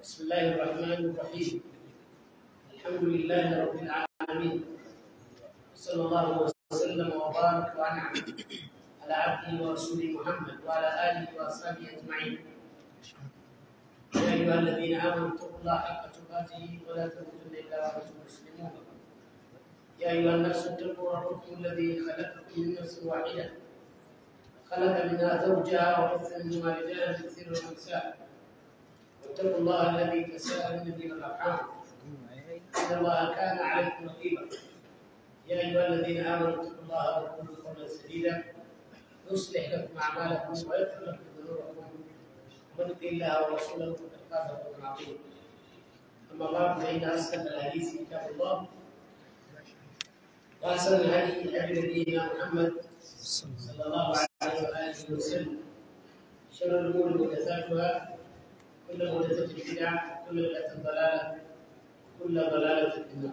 بسم الله الرحمن الرحيم الحمد لله رب العالمين صلى الله وسلم وبارك وانعم على عبده ورسوله محمد وعلى اله واصحابه اجمعين يا ايها الذين امنوا اتقوا الله حق تقاته ولا تموتن الا وانتم مسلمون يا ايها الناس اتقوا ربكم الذي خلقكم من نفس واحده خلق منها زوجها وبث منهما رجالا كثيرا ونساء واتقوا الله الذي تساءلون به الارحام ان الله كان عليكم رقيبا يا ايها الذين امنوا اتقوا الله وقولوا قولا سديدا يصلح لكم اعمالكم ويغفر لكم ذنوبكم ومن يطع الله ورسوله فقد فاز فوزا عظيما اما بعد فان اسلم الحديث كتاب الله واحسن الهدي هدي نبينا محمد صلى الله عليه واله وسلم شر الامور محدثاتها كل محدثة بدعة كل بدعة ضلالة كل ضلالة في النار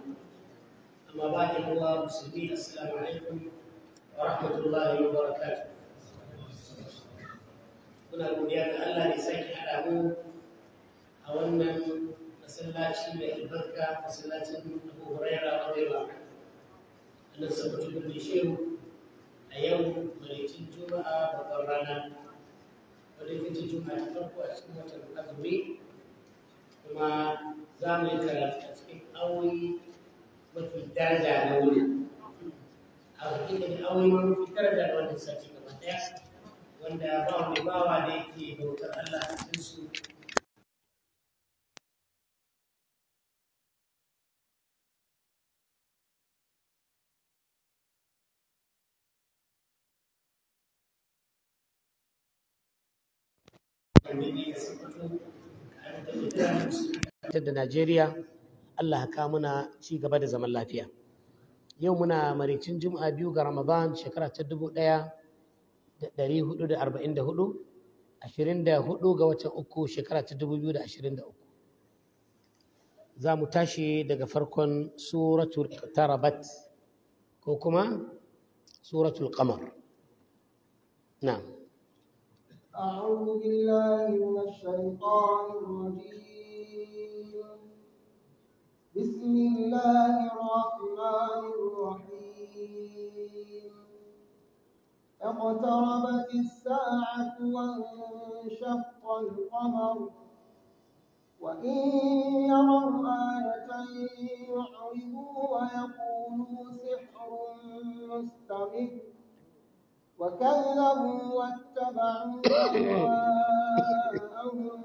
أما بعد الله المسلمين السلام عليكم ورحمة الله وبركاته muna godiya ga Allah da sake haɗa mu a wannan masallaci mai albarka masallacin Abu A radiyallahu anhu Allah sabatu bin shehu a yau malikin Juma'a babban rana wadda juma ce juma'a farko cikin watan azumi kuma za mu yi karatu cikin awoyi mafi daraja na a da awoyi mafi daraja na wannan sati gaba daya wanda ba wani bawa da yake bautar Allah a cikin su da Najeriya Allah ka muna ci gaba da zaman lafiya yau muna maricin juma'a biyu ga Ramadan shekara ta dubu ɗaya da ɗari hudu da arba'in da hudu ashirin da hudu ga watan uku shekara ta dubu biyu da ashirin da uku za mu tashi daga farkon suratul tarabat ko kuma suratul qamar na'am أعوذ بالله من الشيطان الرجيم بسم الله الرحمن الرحيم اقتربت الساعة وانشق القمر وإن يروا آية يعرضوا ويقولوا سحر مستمر وكذبوا واتبعوا أهواءهم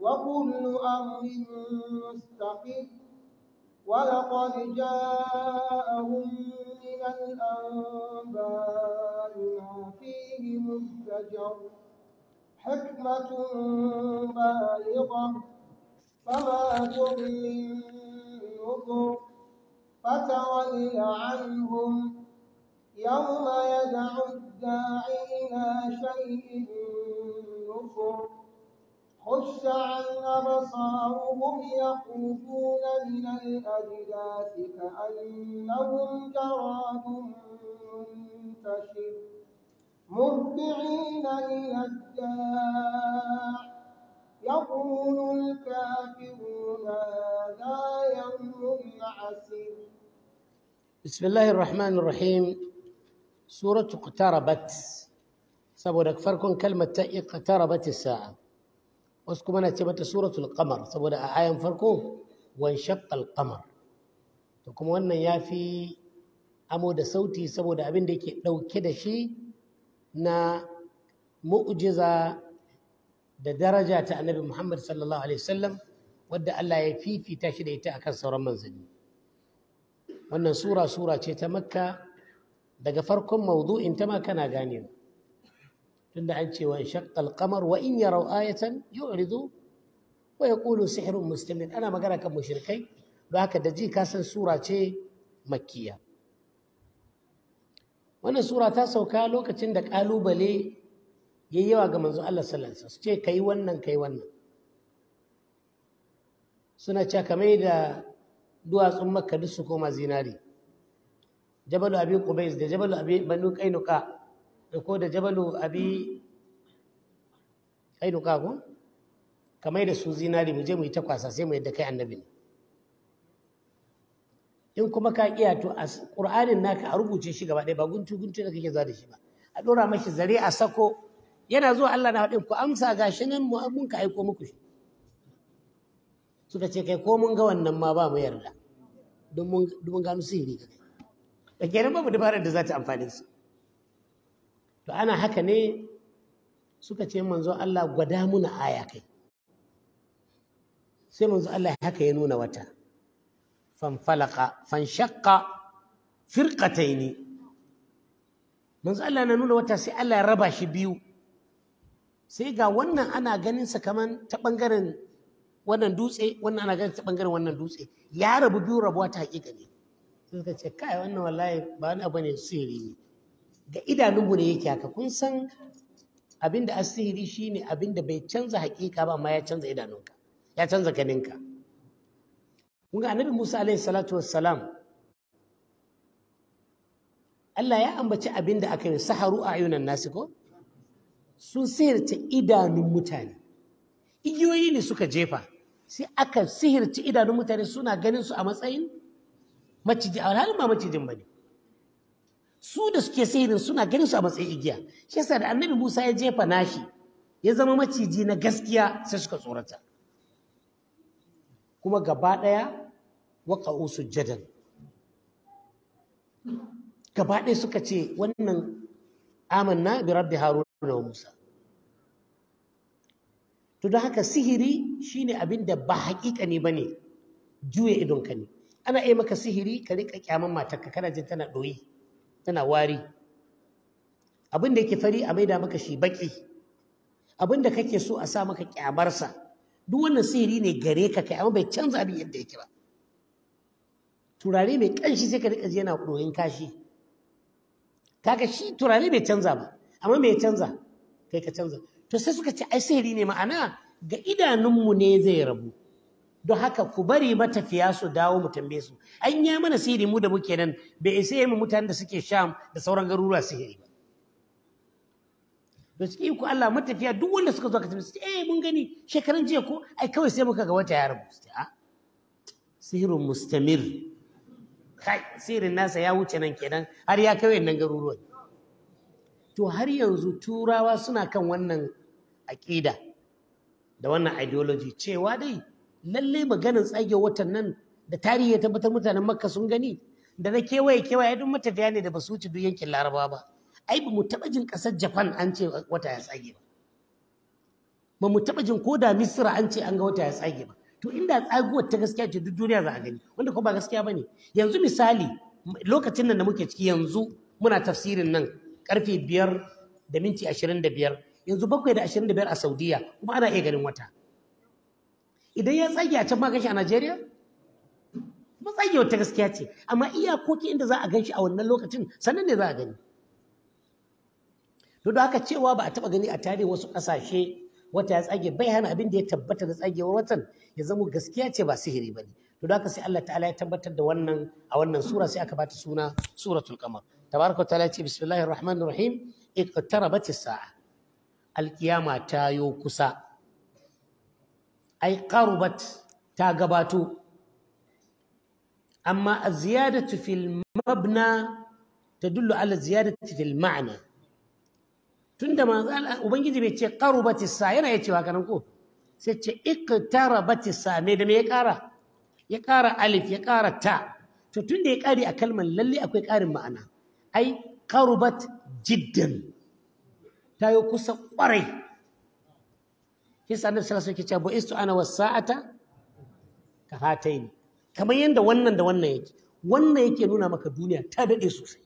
وكل أمر مستقر ولقد جاءهم من الأنباء ما فيه مزدجر حكمة بالغة فما تغني النذر فتول عنهم يوم يدعو الداعي إلى شيء نفر خش عن أبصارهم يخوفون من الأجداث كأنهم جراد منتشر مرجعين إلى الداع يقول الكافرون هذا يوم عسير بسم الله الرحمن الرحيم suratu iqtarabat saboda farkon kalmar ta iqtarabat sa'a wasu kuma na ce mata suratul qamar saboda a ayan farko wan shaqqal qamar to kuma wannan yafi amo da sauti saboda abin da yake dauke da shi na mu'jiza da daraja ta annabi Muhammad sallallahu alaihi wasallam wadda Allah ya fifita shi da ita akan sauran manzanni wannan sura sura ce ta makka daga farkon mawdu'in ta ma kana ganewa da an ce wa in shaqqal wa in yaraw ayatan yu'ridu wa ya yaqulu sihrun musulmin ana magana kan mushrikai ba haka da ji ka san sura ce makkiya wannan sura ta sauka lokacin da kalubale yi yawa ga manzo Allah sallallahu alaihi su ce kai wannan kai wannan suna cakamai kamar da duwatsun makka duk su koma zinari jabalu abi kubais da jabalu abi banu kainuka da ko da jabalu abi kainuka ko kamar da su zinari mu je mu yi takwasa sai mu yadda kai annabi ne in kuma ka kiya to a qur'anin naka a rubuce shi gaba ɗaya ba guntu guntu da kake zuwa da shi ba a dora mashi zare a sako yana zuwa Allah na faɗin ku amsa gashi nan mu mun ka aiko muku shi suka ce kai ko mun ga wannan ma ba mu yarda don mun gano sihiri kai da kenan babu dabarar da za ta amfani su to ana haka ne suka ce manzo Allah gwada muna aya kai sai manzo Allah haka ya nuna wata fanfalaka fanshaqqa firqataini manzo Allah na nuna wata sai Allah ya raba shi biyu sai ga wannan ana ganin sa kaman ta bangaren wannan dutse wannan ana ganin ta bangaren wannan dutse ya rabu biyu rabuwa ta hakika ne suka ce kai wannan wallahi ba wani abu ne sihiri ne ga idanunmu ne yake haka kun san abin da asiri shine abin da bai canza hakika ba amma ya canza idanunka ya canza ganinka kun ga annabi Musa alaihi salatu wassalam Allah ya ambaci abin da aka yi saharu a ayunan nasu ko sun sihirta idanun mutane igiyoyi ne suka jefa sai aka sihirci idanun mutane suna ganin su a matsayin maciji a halin ba macijin ba ne su da suke sayirin suna ganin su a matsayin igiya shi yasa da annabi musa ya jefa nashi ya zama maciji na gaskiya sai suka tsorata kuma gaba ɗaya waƙa'u sujjadan gaba ɗaya suka ce wannan amanna bi rabbi Harun wa musa to don haka sihiri shine abin da ba haƙiƙa ne bane juya idonka ne ana iya maka sihiri ka riƙa kyaman matarka kana jin tana ɗoyi tana wari abin da yake fari a maida maka shi baki abin da kake so a sa maka kyamarsa duk wannan sihiri ne gare ka kai amma bai canza abin yadda yake ba turare mai kanshi sai ka riƙa ji yana koyon kashi kaga shi turare bai canza ba amma mai canza kai ka canza to sai suka ce ai sihiri ne ma'ana ga idanunmu ne zai rabu don haka ku bari matafiya su dawo mu tambaye su an ya mana sihiri mu da muke nan bai isa yi mu mutanen da suke sham da sauran garuruwa sihiri ba da suke ku Allah matafiya duk wanda suka zo ka tambaye su eh mun gani shekaran jiya ko ai kawai sai muka ga wata yaro su a ah, mustamir kai sihirin nasa ya wuce nan kenan har ya kai wannan garuruwa to har yanzu turawa suna kan wannan aƙida da wannan ideology cewa dai Lallai maganin tsage watan nan da tarihi ya tabbatar mutanen makka sun gani da na kewaye kewaye duk matafiya ne da ba su wuce duk yankin laraba ba ai ba mu taɓa jin ƙasar japan an ce wata ya tsage ba ba mu taɓa jin ko da misira an ce an ga wata ya tsage ba to inda tsaguwar ta gaskiya ce duk duniya za a gani wanda kuma ba gaskiya ba ne yanzu misali lokacin nan da muke ciki yanzu muna tafsirin nan karfe biyar da minti ashirin da biyar yanzu bakwai da ashirin da biyar a saudiya kuma ana iya ganin wata idan ya tsage a can ma ganshi a Najeriya tsage wata gaskiya ce amma iyakoki inda za a ganshi a wannan lokacin sannan ne za a gani duk da haka cewa ba a taba gani a tare wasu kasashe wata ya tsage bai hana abin da ya tabbata da tsagewar watan ya zama gaskiya ce ba sihiri ba ne to da haka sai Allah ta'ala ya tabbatar da wannan a wannan sura sai aka bata suna suratul kamar tabaraka ta'ala ce bismillahir rahmanir rahim iqtarabat as-sa'a alqiyama ta yo kusa ai qarubat ta gabato amma aziyadatu fil mabna tadullu ala ziyadati fil ma'na tunda manzo ubangiji bai ce qarubat sa yana yace wa kanan ko sai ce iqtarabati sa me da me ya kara ya kara alif ya kara ta to tunda ya kare a kalmar lalle akwai karin ma'ana ai qarubat jiddan ta yi kusa kwarai Isa annabi sallallahu alaihi wasallam yake cewa ana wasa'ata ka hataini kamar yadda wannan da wannan yake wannan yake nuna maka duniya ta dade sosai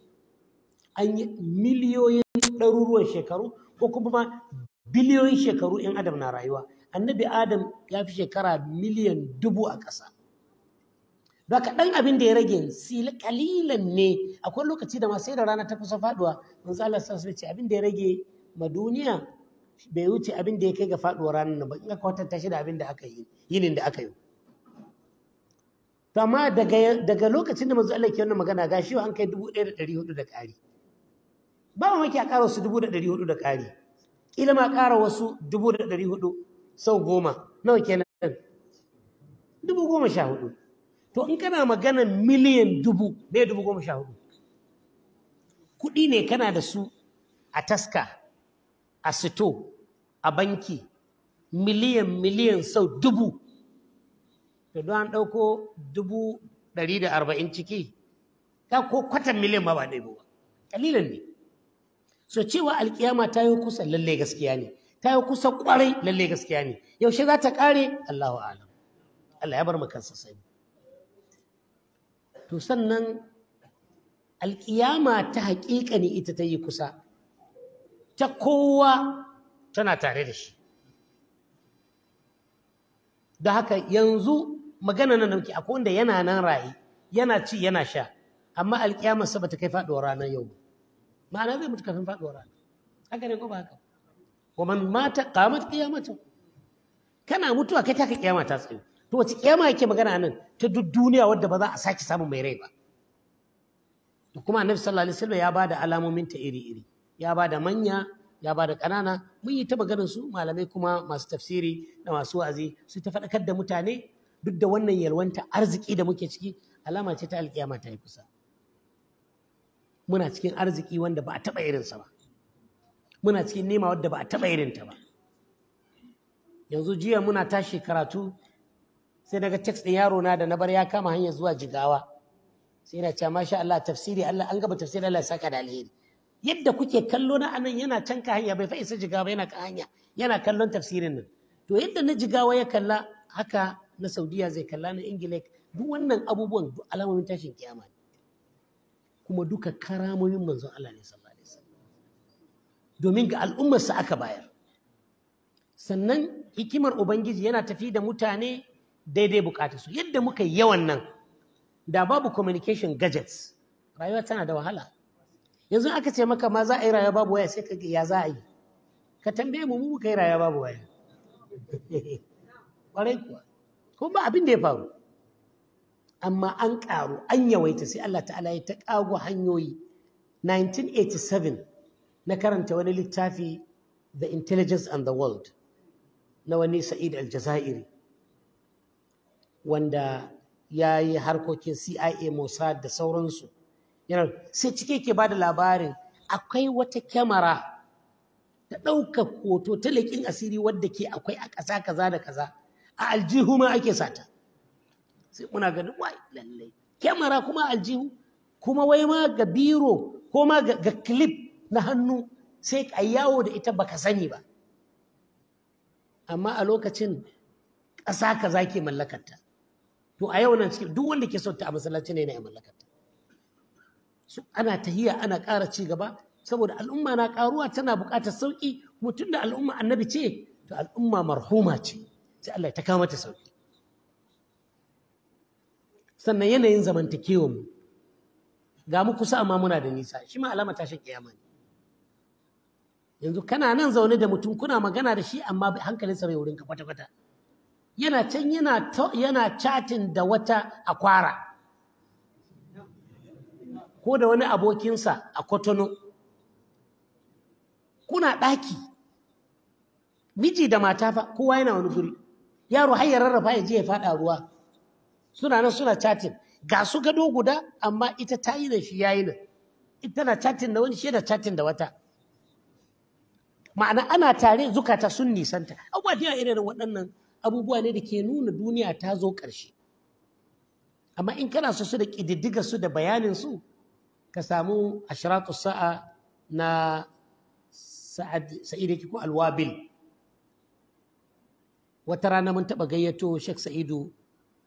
an yi miliyoyin ɗaruruwan shekaru ko kuma ma biliyoyin shekaru in adam na rayuwa annabi adam ya fi shekara miliyan dubu a ƙasa ba ɗan abin da ya rage sila kalilan ne akwai lokaci da ma sai da rana ta kusa faɗuwa manzo Allah sallallahu ce abin da ya rage ma duniya bai wuce abin da ya kai ga faduwar ranar ba in aka kwatanta shi da abin da aka yi yinin da aka yi to amma daga lokacin da mazu Allah ke wannan magana gashi an kai 1400 da ƙari ba mu maki a ƙara wasu 1400 da ƙari kila ma ƙara wasu 1400 sau goma nawa kenan dubu goma sha hudu to in kana magana miliyan dubu ne dubu goma sha hudu kuɗi ne kana da su a taska a sito a banki miliyan miliyan sau dubu to don an ɗauko dubu ɗari da arba'in ciki ta ko kwatan miliyan ma ba ɗai ba ƙalilan ne so cewa alkiyama ta yi kusa lalle gaskiya ne ta yi kusa ƙwarai lalle gaskiya ne yaushe za ta ƙare allahu alam allah ya bar mu kansa sani to sannan alkiyama ta haƙiƙa ne ita ta yi kusa ta kowa tana tare da shi da haka yanzu magana nan da muke akwai wanda yana nan raye yana ci yana sha amma alƙiyamar sa bata kai faɗuwar ranar yau ma'ana zai mutu kafin faɗuwar rana haka ne ko ba haka wa man mata qamat qiyamata kana mutuwa kai taka kiyama ta tsaye to wace kiyama yake magana nan ta duk duniya wadda ba za a sake samun mai rai ba kuma annabi sallallahu alaihi wasallam ya bada alamomin ta iri iri ya ba da manya ya ba da ƙanana mun yi ta maganar su malamai kuma masu tafsiri da masu wa'azi su ta faɗakar da mutane duk da wannan yalwanta arziki da muke ciki alama ce ta alƙiyama ta yi kusa muna cikin arziki wanda ba a taɓa irinsa ba muna cikin nema wadda ba a taɓa irinta ba yanzu jiya muna tashi karatu sai ga tekst ɗin yaro na da na bar ya kama hanyar zuwa jigawa sai na ce masha Allah tafsiri Allah an gaba tafsiri Allah ya saka da alheri yadda kuke kallo na anan yana can ka hanya bai fa isa jigawa yana ka hanya yana kallon tafsirin nan to yadda na jigawa ya kalla haka na saudiya zai kalla na ingila duk wannan abubuwan alamomin tashin kiyama ne kuma duka karamomin manzon Allah ne sallallahu alaihi wasallam domin ga al'ummarsa aka bayar sannan hikimar ubangiji yana tafi da mutane daidai su yadda muka yi yawan nan da babu communication gadgets rayuwa tana da wahala yanzu aka ce maka ma za a yi rayuwa babu waya sai ka ya za a yi ka tambaye mu mu kai rayuwa babu waya ƙwarai kuwa ko ba abin da ya faru amma an ƙaru an yawaita sai Allah ta'ala ya ta kago hanyoyi 1987 na karanta wani littafi The Intelligence and the World na wani Sa'id al wanda ya yi harkokin CIA Mossad da sauransu yana sai cike ke ba da labarin akwai wata kyamara ta ɗaukar hoto ta leƙin asiri wadda ke akwai a ƙasa kaza da kaza a aljihu ma ake sata sai muna ganin wai lallai kyamara kuma aljihu kuma wai ma ga biro ko ma ga clip na hannu sai ka yawo da ita baka sani ba amma a lokacin ƙasa kaza ke mallakarta to a yau nan cikin duk wanda ke son ta a masallaci ne na mallakarta su ana tahiya ana ƙara ci gaba saboda al'umma na ƙaruwa tana buƙatar sauƙi mutum da al'umma annabi ce to al'umma marhuma ce sai Allah ta kawo mata sauƙi sannan yanayin zamantakewa mu ga mu kusa amma muna da nisa shi ma alama tashin kiyama ne yanzu kana nan zaune da mutum kuna magana da shi amma hankalinsa bai wurinka kwata-kwata yana can yana yana da wata akwara ko da wani abokinsa a kwatano. kuna ɗaki miji da mata fa kowa yana wani guri yaro har ya rarrafa ya je ya faɗa ruwa suna nan suna chatin ga su gado guda amma ita ta yi da shi yayi nan ita na chatin da wani shi da chatin da wata ma'ana ana tare zukata sun nisanta abubuwa da irin waɗannan abubuwa ne da ke nuna duniya ta zo ƙarshe amma in kana so su da ƙididdiga su da bayanin su ka samu ashratu sa'a na Sa'idu Kiko yake ko alwabil wata rana mun taɓa gayyato Sheikh Sa'idu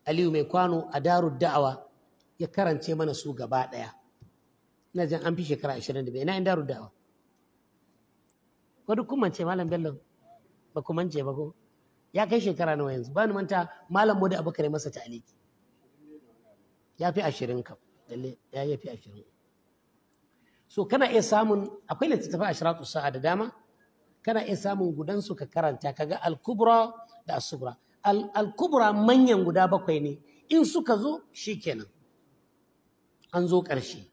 Aliyu mai kwano a darud da'awa ya karance mana su gaba ɗaya ina jan an fi shekara 25 ina in darud da'awa wadda kuma kun malam Bello ba kuma ce ba ko ya kai shekara nawa yanzu ba ni manta malam abu kare masa ta'aliki ya fi ashirin kam lalle ya fi ashirin so kana iya samun akwai littattafai ashratu shiratu sa'a da dama kana iya samun gudan su ka karanta kaga al-kubra da as sughra al-kubra manyan guda bakwai ne in suka zo shikenan an zo karshe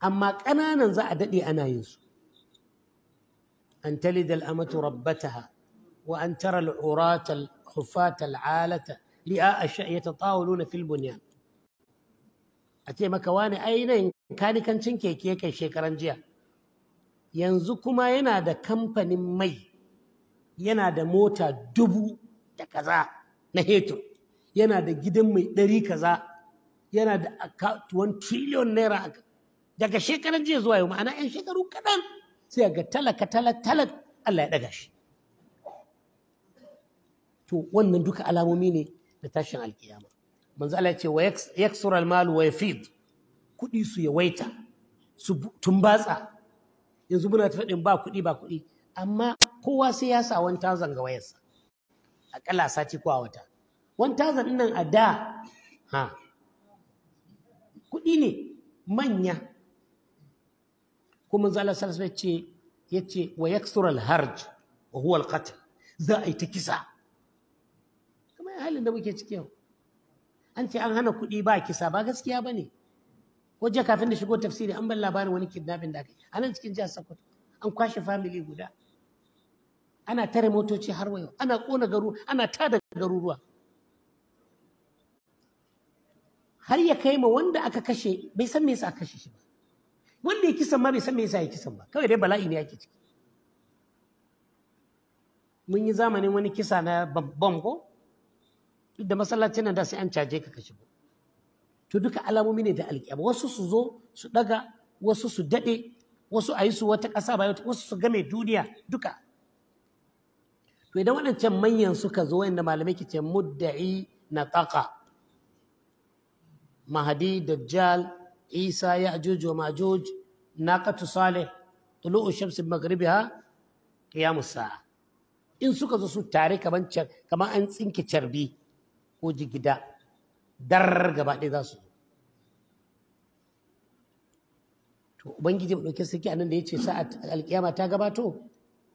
amma kananan za a dade ana yin su an talida al-amatu rabbataha wa an tara al-urata al-khufata al-alata li'a ash-sha'yata tawuluna fil bunyan a maka wani ai kanikancin keke kai shekaran jiya yanzu kuma yana da kamfanin mai yana da mota dubu da kaza na hetur yana da gidan mai ɗari kaza yana da akatuwan triliyon naira daga shekaran jiya zuwa yau ma'ana 'yan shekaru kaɗan sai ga talaka talak talak Allah ya ɗaga shi to wannan duka alamomi ne da tashin alkiyama manzo Allah ya ce wa yaksura almalu wa yafid kuɗi su yawaita su tumbatsa yanzu muna ta faɗin ba kuɗi ba kuɗi amma kowa sai ya sa wani tazan ga wayarsa akalla sati ko a wata wani tazan nan a da ha kuɗi ne manya kuma zala salasa ce ya ce wa yaksural harj wa huwa alqatl za a yi ta kisa kamar halin da muke ciki yau an ce an hana kuɗi ba kisa ba gaskiya ba ne wajen kafin da shigo tafsiri an bar labarin wani kidnapping da aka yi a nan cikin jihar sokoto an kwashe family guda ana tare motoci har wayo ana kona garu ana tada garuruwa har ya kai ma wanda aka kashe bai san me yasa aka kashe shi ba wanda ya kisan ma bai san me yasa ya kisan ba kawai dai bala'i ne yake ciki mun yi zamanin wani kisa na babban ko duk da masallacin nan da sai an caje ka kashe. ba to duka alamomi ne da alƙiyama wasu su zo su daga wasu su daɗe wasu a yi su wata ƙasa ba wasu su game duniya duka to idan waɗancan manyan suka zo wanda malamai ke ce mudda'i na taƙa mahadi dajjal isa ya ajuj wa majuj naqatu salih tulu'u shamsi maghribiha qiyamus in suka zo su tare kaman an tsinke carbi ko jigida dar gaba ɗaya za su zo to ubangiji mu ɗauke saki anan da ya ce sa'at alƙiyama ta gabato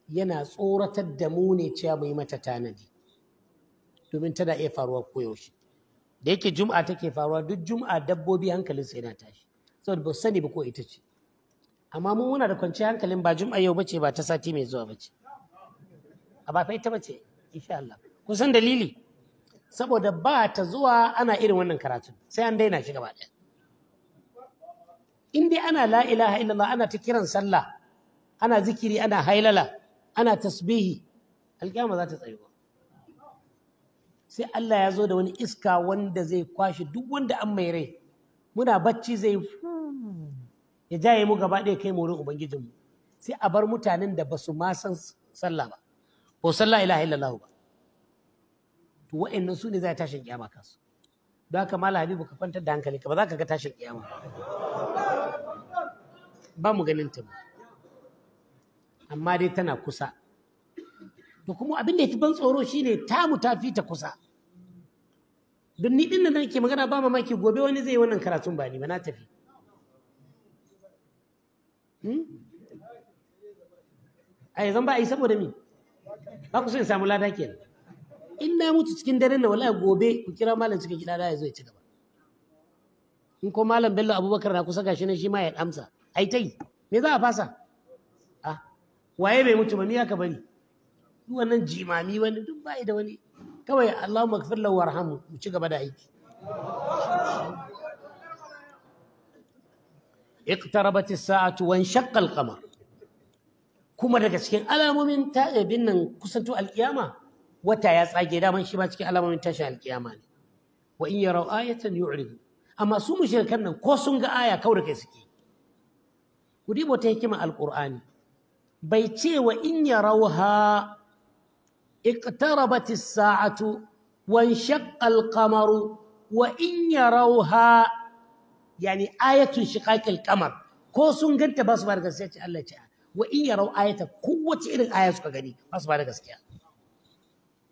yana tsoratar da mu ne cewa mu yi mata tanadi domin tana iya faruwa koyaushe da yake juma'a take faruwa duk juma'a dabbobi hankalin sai na tashi saboda ba sani ba ko ita ce amma mun muna da kwanciyar hankalin ba juma'a yau bace ba ta sati mai zuwa bace a ba fa ita bace insha Allah kusan san dalili saboda ba ta zuwa ana irin wannan karatun sai an daina shi gaba ɗaya in dai ana la ilaha illallah ana ta kiran sallah ana zikiri ana hailala ana tasbihi alƙiyama za ta tsayo. sai Allah ya zo da wani iska wanda zai kwashe duk wanda an mai rai muna bacci zai ya jaye mu gaba ɗaya kai morin ubangijinmu sai a bar mutanen da ba su ma san sallah ba ko sallah ilaha illallah ba to wa'annan su ne za a tashin kiyama kansu don haka mala habibu ka kwantar da hankali ka ba za ka ga tashin kiyama ba mu ganin ta amma dai tana kusa Da kuma abin da ya fi ban tsoro shine tamu ta fi ta kusa don ni din nan ke magana ba mamaki gobe wani zai yi wannan karatun ba ni ba na tafi hmm? ai zan ba a yi saboda mi ba ku so in samu lada kenan in na mutu cikin dare na wallahi gobe ku kira malam cikin gida da ya zo ya ci gaba in ko malam bello abubakar na kusa gashi nan shi ma ya amsa ai tai me za a fasa a waye bai mutu ba me aka bani duk wannan jimami wani duk bai da wani kawai Allahumma ighfir lahu warhamhu mu ci gaba da aiki اقتربت الساعة وانشق القمر kuma daga cikin alamomin ta'ibin eh, nan kusanto alkiyama wata ya tsage daman shi ba cikin alamomin tashin alkiyama ne wa in yarau ayatan yu'ridu amma su mushrikan nan ko sun ga aya kawai kai suke ku dibo ta hikima alqur'ani bai ce wa in yarauha اقتربت الساعة وانشق القمر وإن يروها يعني آية انشقاق القمر ko sun ganta ba su ba da gaskiya ce Allah ce wa in yarau ayata kowace irin aya suka gani ba su ba da a.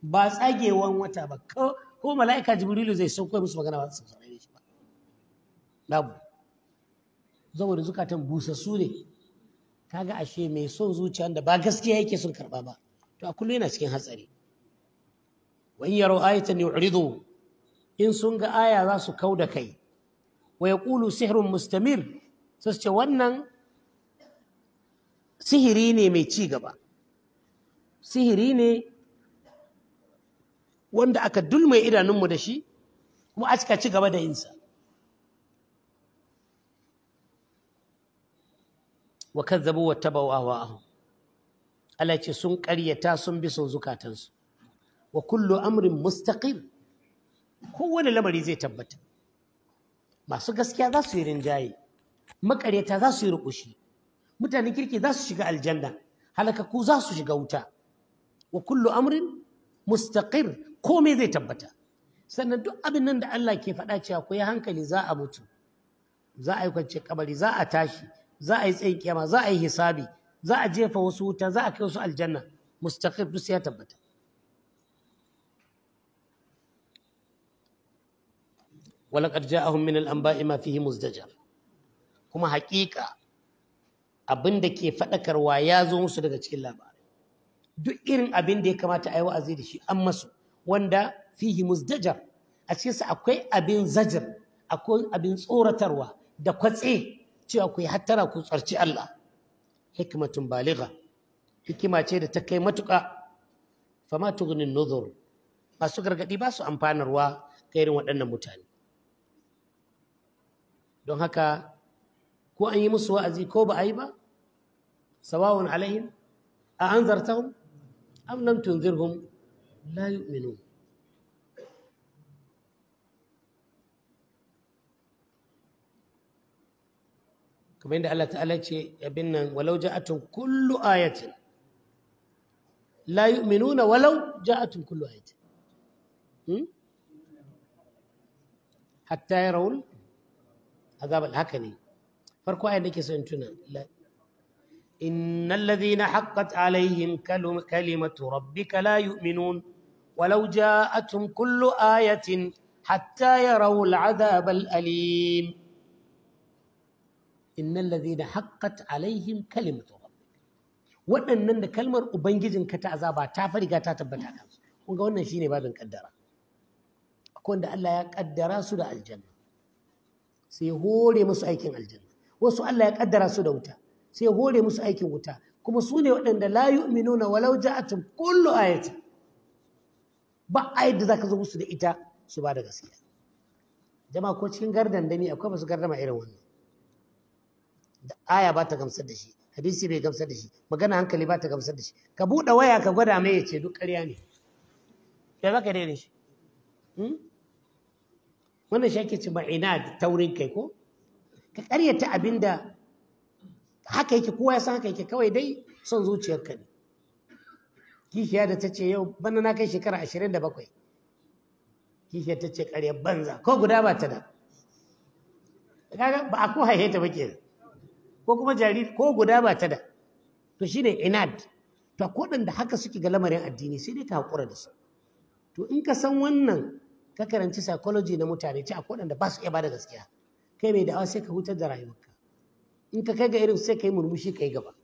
ba tsagewan wata ba ko mala'ika jibrilu zai sauko musu magana ba su saurare shi ba babu saboda zukatan busassu ne kaga ashe mai son zuciya da ba gaskiya yake son karba ba to a kullum yana cikin hatsari wa in yaro ayatan yu'ridu in sun ga aya za su kau da kai wa yaqulu sihrun mustamir sai ce wannan sihiri ne mai ci gaba sihiri ne wanda aka dulme idanunmu da shi kuma a cika ci gaba da yinsa wa kazzabu wa tabawu ahwa'ahum Allah ce sun ƙaryata sun bi sun zukatansu wa kullu amrin mustaqim kowane lamari zai tabbata masu gaskiya za su yi rinjaye makaryata za su yi rukushi mutanen kirki za su shiga aljanna halakaku za su shiga wuta wa kullu amrin mustaqir komai zai tabbata sannan duk abin nan da Allah ke faɗa cewa ku yi hankali za a mutu za a yi kwance kabari za a tashi za a yi tsayin kiyama za a yi hisabi za a jefa wasu wuta za a kai wasu aljanna mustaqib duk ya tabbata ولقد جاءهم من الأنباء ما فيه مزدجر kuma haƙiƙa abin da ke faɗakarwa ya zo musu daga cikin labarai duk irin abin da ya kamata a yi wa'azi da shi an masu wanda fihi muzdajar a cikinsa akwai abin zajar, akwai abin tsoratarwa da kwatse cewa ku yi hattara ku tsarci Allah hikmatun baliga hikima ce da ta kai matuƙa fama tugunin nuzur su gargaɗi ba su amfanarwa ga irin waɗannan mutane don haka ko an yi musu wa'azi ko ba a yi ba sawawun alaihim a an am lam tunzirhum لا يؤمنون كما عند الله تعالى يا بنا ولو جاءتهم كل آية لا يؤمنون ولو جاءتهم كل آية حتى يروا العذاب الهكني فرقوا آية لك سنتنا لا إن الذين حقت عليهم كلمة ربك لا يؤمنون ولو جاءتهم كل آية حتى يروا العذاب الأليم إن الذين حقت عليهم كلمة ربك waɗannan da kalmar ubangijinka ta azaba ta fariga ta tabbata kansu kun ga wannan shine babin kaddara akwai wanda Allah ya kaddara su da aljanna sai hore musu aikin aljanna wasu Allah ya ƙaddara su da wuta sai hore musu aikin wuta kuma su ne waɗanda la yu'minuna ayatin ba ayat da zaka zo musu da ita su ba da gaskiya jama'a ko cikin gardan dani akwai masu gardama irin wannan da aya ba ta gamsar da shi hadisi bai gamsar da shi magana hankali ba ta gamsar da shi ka buɗe waya ka gwada mai ya ce duk ƙarya ne ya za ka daina shi hmm? wannan shi ake ce ma'ina taurin kai ko ka ƙaryata abin da haka yake kowa ya san haka yake kawai dai son zuciyarka ne kishiya da ta ce yau bana na kai shekara ashirin da bakwai kishiya ta ce ƙaryar banza ko guda ba ta da ba a ko haihe ta bakin ko kuma jariri ko guda ba ta da to shine inad to da haka suke ga lamarin addini sai dai ka haƙura da su to in ka san wannan ka karanci psychology na mutane ci a da ba su iya bada gaskiya kai mai da'awa sai ka hutar da rayuwarka in ka kai ga irin sai ka yi murmushi ka yi gaba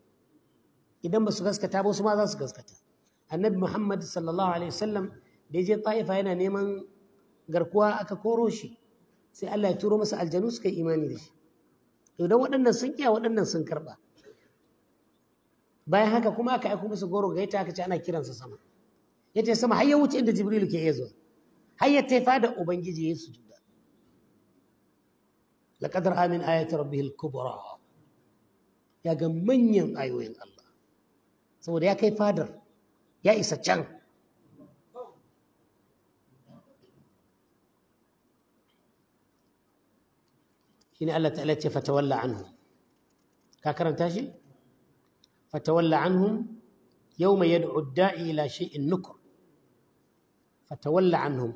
idan ba su gaskata ba su ma za su gaskata annabi muhammad sallallahu alaihi wasallam da ya je ta'ifa yana neman garkuwa aka koro shi sai Allah ya turo masa aljanu suka yi imani da shi to don waɗannan sun iya waɗannan sun karba bayan haka kuma aka aiko musu goro gaita aka ce ana kiransa sama yace sama har ya wuce inda Jibril ke iya zuwa har ya taifa da ubangiji ya su laqad ra'a Amin ayati rabbihil kubra ya ga manyan ayoyin Allah saboda ya kai fadar ya isa can shine Allah ta'ala ce fatawalla anhu ka karanta shi fatawalla anhum yawma yad'u da'i ila shay'in nukur fatawalla anhum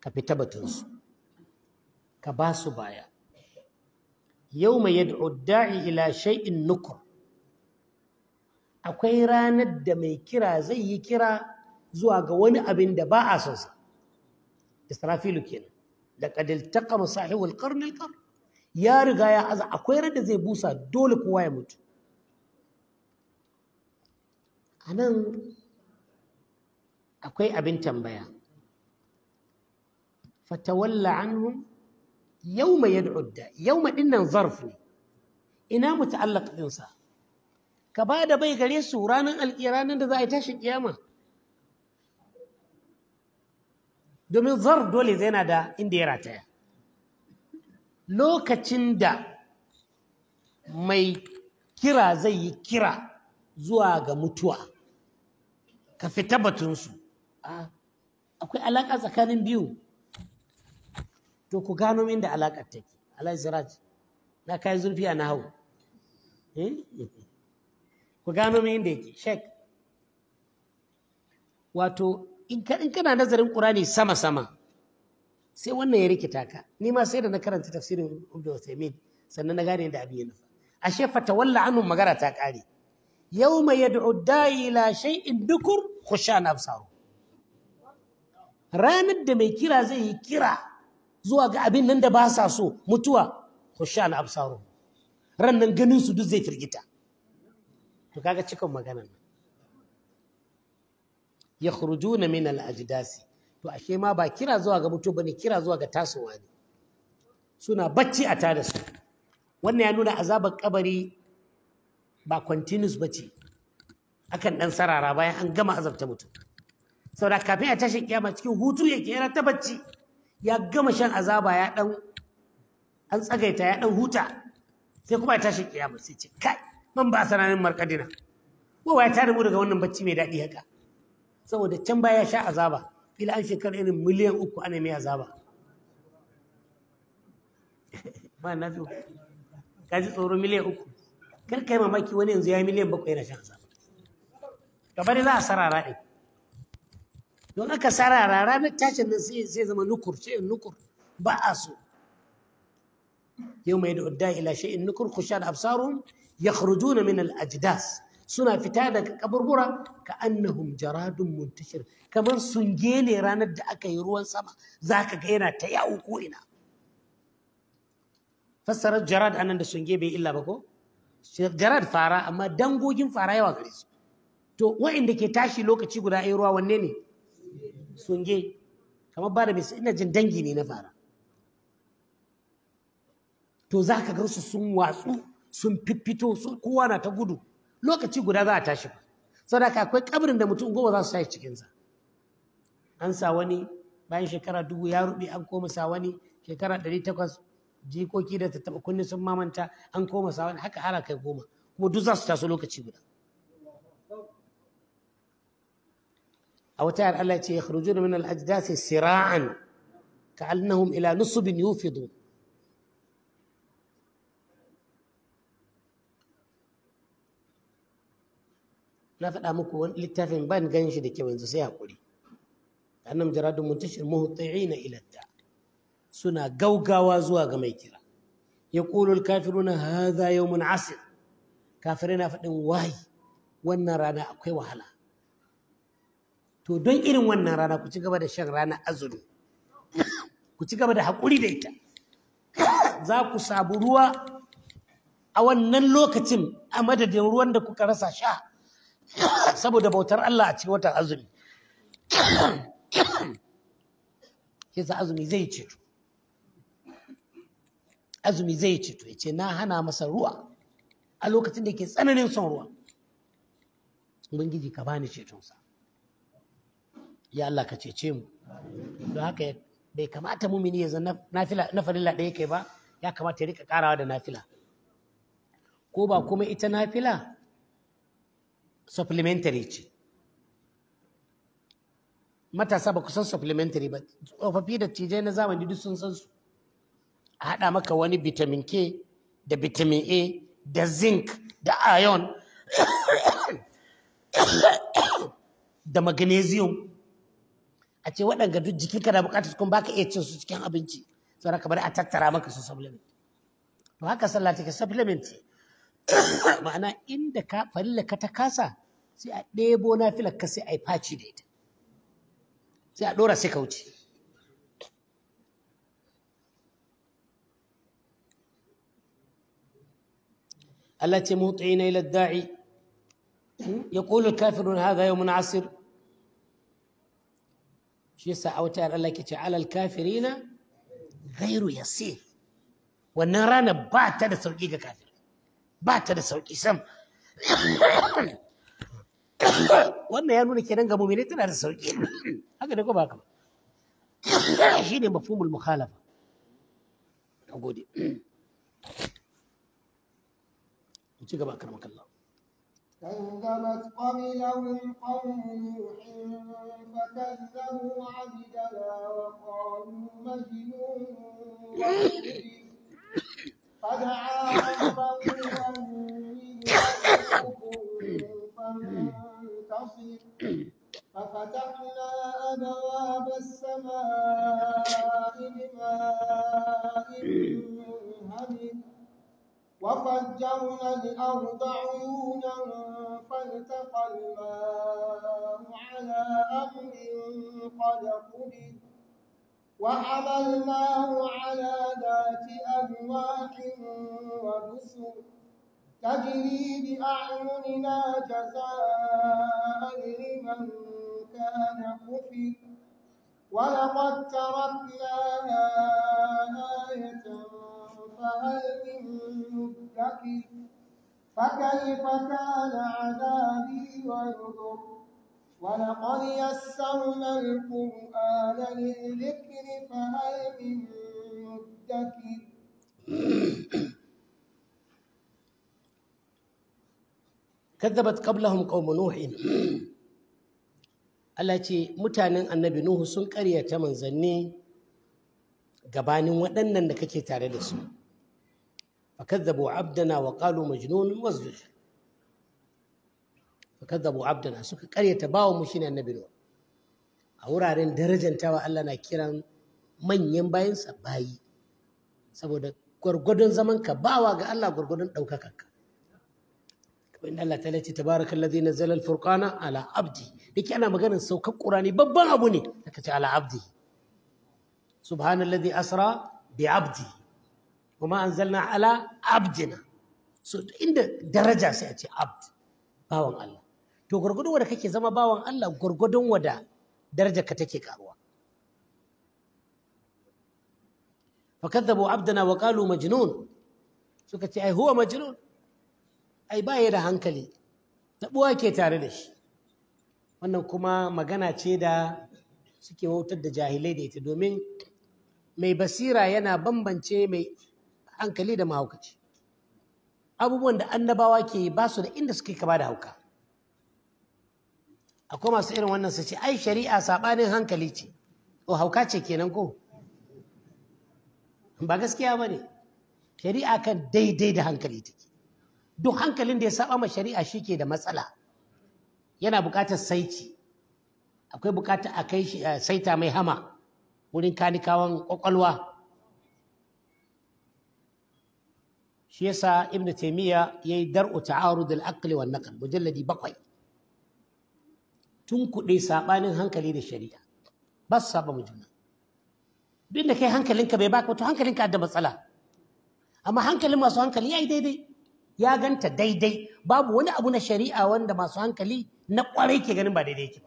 ka fita su. ka ba su baya yawma yad'u da'i ila shay'in nukur akwai ranar da mai kira zai yi kira zuwa ga wani abin da ba a son sa israfilu Da laqad iltaqa sahibu alqarn alqarn ya riga ya aza akwai ran da zai busa dole kowa ya mutu anan akwai abin tambaya fatawalla anhum yawma yad'u da yawma dinnan zarf ne ina muta'allaq din sa ka ba da bai gare su ranar alƙiranin da za a yi tashin ƙiyama domin zar dole zai na da inda ya rataya lokacin da mai kira zai yi kira zuwa ga mutuwa ka fita batunsu akwai alaƙa tsakanin biyu to ku gano min da alaƙar take alaƙar siraj na kayi zurfi a nahawu eh? ku gano me yadda yake shek wato in kana nazarin ƙurani sama-sama sai wannan ya rikita ka ni ma sai da na karanta tafsirin Ibn Uthaymeen sannan na gane da abin ya nufa ashe fatawalla anhu magana ta kare yawma yad'u da'i ila shay'in dukur khushan absaru ranar da mai kira zai yi kira zuwa ga abin nan da ba sa so mutuwa khushan ran nan ganin su duk zai firgita to kaga cikon maganan nan yakhrujuna min al-ajdasi to ashe ma ba kira zuwa ga mutum bane kira zuwa ga tasowa ne suna bacci a tada su wannan ya nuna azabar kabari ba continuous bace akan dan sarara bayan an gama azabta mutum saboda kafin a tashi kiyama cikin hutu yake yana ta bacci ya gama shan azaba ya dan an tsagaita ya dan huta sai kuma ya tashi kiyama sai ce kai man ba sana min markadina wawa ya tare mu daga wannan bacci mai daɗi haka saboda can baya ya sha azaba ila an shekara irin miliyan uku ana mai azaba ba na zo ka ji tsoro miliyan uku kar ka yi mamaki wani yanzu ya yi miliyan bakwai yana sha azaba gaba za a sarara ɗin don aka sarara ranar tashin nan sai zama nukur sai nukur ba a so yau mai da udda ila in nukur da absarum yakhrujuna min al-ajdas suna fita daga kaburbura ka annahum jaradun muntashir kamar sun gene ranar da aka yi ruwan sama zaka ga yana ta yawo ko fassarar jarad anan da sun bai illa ba ko jarad fara amma dangogin fara yawa gare su to wa'inda ke tashi lokaci guda ayi ruwa wanne ne sunge kamar ina jin dangi ne na fara to za ka sun watsu sun fiffito kowa na ta gudu lokaci guda za a tashi ba sadaka akwai kabrin da mutum goma za su tashi cikinsa an sa wani bayan shekara dubu ya rubi an koma sa wani shekara ɗari takwas jikoki da tattaɓa kunni sun mamanta an koma sa wani haka ara kai goma kuma duk za su lokaci guda a wata yar Allah ce ya kharuju min al-ajdas sira'an ka'annahum ila nusubin yufidun na faɗa muku wani littafin ban gan shi da kyau yanzu sai haƙuri nan jaradun muntashir muhti'ina na ilanta suna gaugawa zuwa ga mai kira Ya yaqulu na haza yau mun asir kafirai na faɗin wai wannan rana akwai wahala to don irin wannan rana ku ci gaba da shan rana azumi ku ci gaba da haƙuri da ita za ku sabu ruwa a wannan lokacin a madadin ruwan da kuka rasa sha saboda bautar Allah a cikin watan azumi yasa azumi zai ceto azumi zai ceto ya ce na hana masa ruwa a lokacin da ke tsananin son ruwa ubangiji ka bani cetonsa ya Allah ka cece mu don haka bai kamata mumini ya zan na farilla ɗaya kai ba ya kamata ya rika karawa da nafila ko ba kuma ita nafila supplementary ce matasa ba ku san supplementary ba tsofaffi da tije na zamani duk sun san su a haɗa maka wani vitamin k da vitamin a da zinc da iron da magnesium a ce waɗanda duk ka na buƙatar kuma baka iya cin su cikin abinci saboda ka bari a tattara maka su supplement to haka sallah take supplement ma'ana inda ka farilla ka ta kasa sai a ɗebo na filar ka sai a yi faci da ita sai a ɗora sai ka wuce Allah ce mutu'ina ila da'i ya ƙulul kafirun haza yau muna asir shi yasa a wata yar Allah ke ce alal kafirina gairu yasir wannan rana bata da sauƙi ga kafir ba ta da sauki sam wannan ya nuna kenan ga mu'mini tana da sauki haka da kuma haka shine mafhumul mukhalafa gode mu ci gaba karama kallon كذبت قبلهم قوم نوح فكذبوا عبدنا وقالوا مجنون قد عاقبا فانتصر ففتحنا أبواب السماء بماء منهمر وفجرنا الأرض عيونا فالتقى الماء على أمر قد قدر وحملناه على ذات ألواح ودسر تجري بأعيننا جزاء لمن كان كفر ولقد تركناها آية فهل من مدكر فكيف كان عذابي ونذر ولقد يسرنا القرآن للذكر فهل من مدكر كذبت قبلهم قوم نوح Allah ce mutanen annabi Nuhu sun karyata manzanni gabanin waɗannan da kake tare da su. Fakazzabu abdana wa qalu majnun wazduj. fakadzabu abdana suka karyata bawan mu shine annabi nuh a wuraren darajantawa Allah na kiran manyan bayansa bayi saboda gwargwadon zaman ka bawa ga Allah gwargwadon ɗaukaka. ka kamar Allah ta lace tabarakal ladhi nazzala al-furqana ala abdi yake ana maganar saukar Qur'ani babban abu ne aka ce ala abdi subhanalladhi asra bi abdi kuma anzalna ala abdina so inda daraja sai a ce abd bawan Allah to gwargwadon wanda kake zama bawan Allah gwargwadon da daraja ka take karuwa fakadzabu abdana wa qalu majnun suka ce ai huwa majnun ai baya da hankali taɓuwa ke tare da shi wannan kuma magana ce da suke wautar da jahilai da ita domin mai basira yana bambance mai hankali da mahaukaci abubuwan da annabawa ke ba su da inda suke kama da hauka akwai masu irin wannan su ce ai shari'a saɓanin hankali ce o hauka ce kenan ko ba gaskiya ba ne shari'a kan daidai da hankali take duk hankalin da ya saba ma shari'a shi ke da matsala yana buƙatar saiti akwai buƙatar a kai saita mai hama wurin kanikawan kwakwalwa. shi yasa ibnu ya yi dar'u ta'arudul aqli wan naql mujalladi bakwai Tun tunkuɗe saɓanin hankali da shari'a ba su saba mu juna duk da kai hankalinka bai baka to hankalinka da matsala amma hankalin masu hankali ya yi daidai ya ganta daidai babu wani abu na shari'a wanda masu hankali na ƙwarai ke ganin ba daidai yake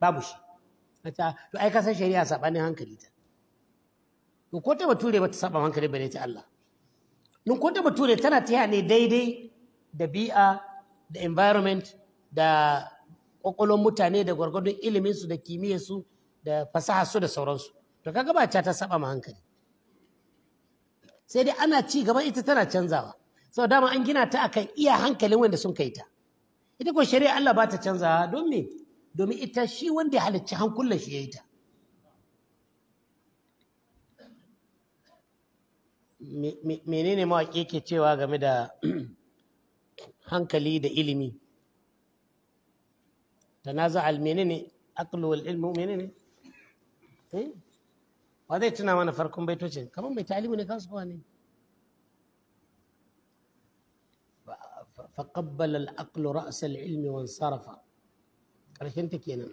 ba babu shi to ai ka san shari'a saɓanin hankali ta to ko ta bature ba ta saɓa hankali ba ta Allah nun ko ta bature tana taya ne daidai da bi'a da environment da kwakwalwar mutane da gwargwadon iliminsu da kimiyyarsu da fasaha su da sauransu to kaga ba ta saba ma hankali sai dai ana ci gaba ita tana canzawa sau dama an gina ta akan iya hankalin wanda sun kai ta ita ko shari'a Allah ba ta canzawa don me domin ita shi wanda ya halicci hankulan shi ya yi ta menene mawaƙi ke cewa game da hankali da ilimi تنازع المينيني أقل والعلم مينيني إيه وهذا يتنا وانا فركم بيتو شيء كمان بيتعلموا نكاس قوانين فقبل الأقل رأس العلم وانصرف عليك أنت كينا